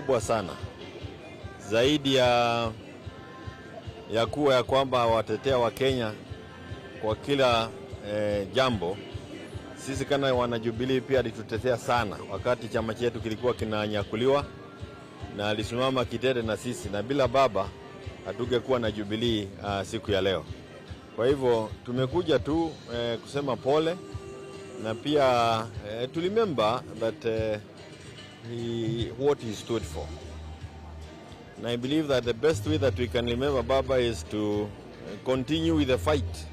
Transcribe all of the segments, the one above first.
kubwa sana zaidi ya, ya kuwa ya kwamba watetea wa Kenya kwa kila eh, jambo. Sisi kana wanajubilii pia alitutetea sana wakati chama chetu kilikuwa kinanyakuliwa na alisimama kitete na sisi, na bila baba hatungekuwa na Jubilii uh, ah, siku ya leo. Kwa hivyo tumekuja tu eh, kusema pole na pia eh, tulimemba that eh, he, what he stood for. And I believe that the best way that we can remember Baba is to uh, continue with the fight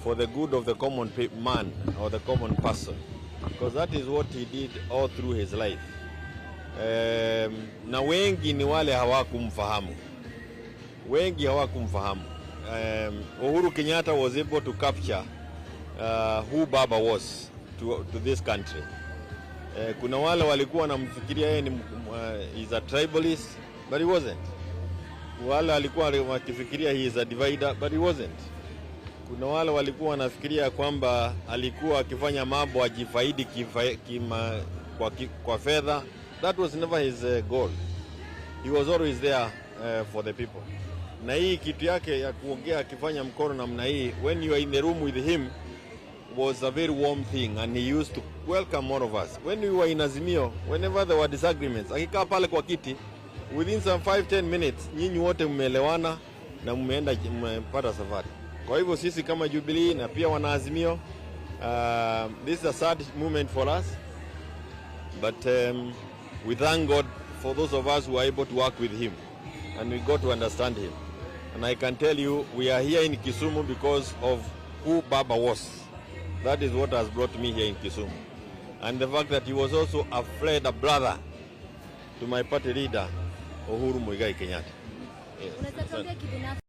for the good of the common man or the common person because that is what he did all through his life. Um, na wengi ni wale hawakumfahamu, wengi hawakumfahamu. Um, Uhuru Kenyatta was able to capture uh, who Baba was to, to this country. Eh, kuna wale walikuwa wanamfikiria yeye ni uh, eh, is a tribalist but he wasn't. Wale walikuwa wakifikiria he is a divider but he wasn't. Kuna wale walikuwa wanafikiria kwamba alikuwa akifanya mambo ajifaidi kima, kwa, kwa fedha. That was never his uh, goal. He was always there uh, for the people. Na hii kitu yake ya kuongea akifanya mkono namna hii when you are in the room with him was a very warm thing and he used to welcome all of us. When we were in Azimio, whenever there were disagreements, akikaa pale kwa kiti, within some 5-10 minutes nyinyi wote mmeelewana na mmeenda mmepata safari. Kwa hivyo sisi kama Jubilee na pia wanaazimio, uh, this is a sad moment for us but um, we thank God for those of us who are able to work with him and we got to understand him and I can tell you we are here in Kisumu because of who Baba was. That is what has brought me here in Kisumu. And the fact that he was also a afraid a brother to my party leader Uhuru Muigai Kenyatta. Yes.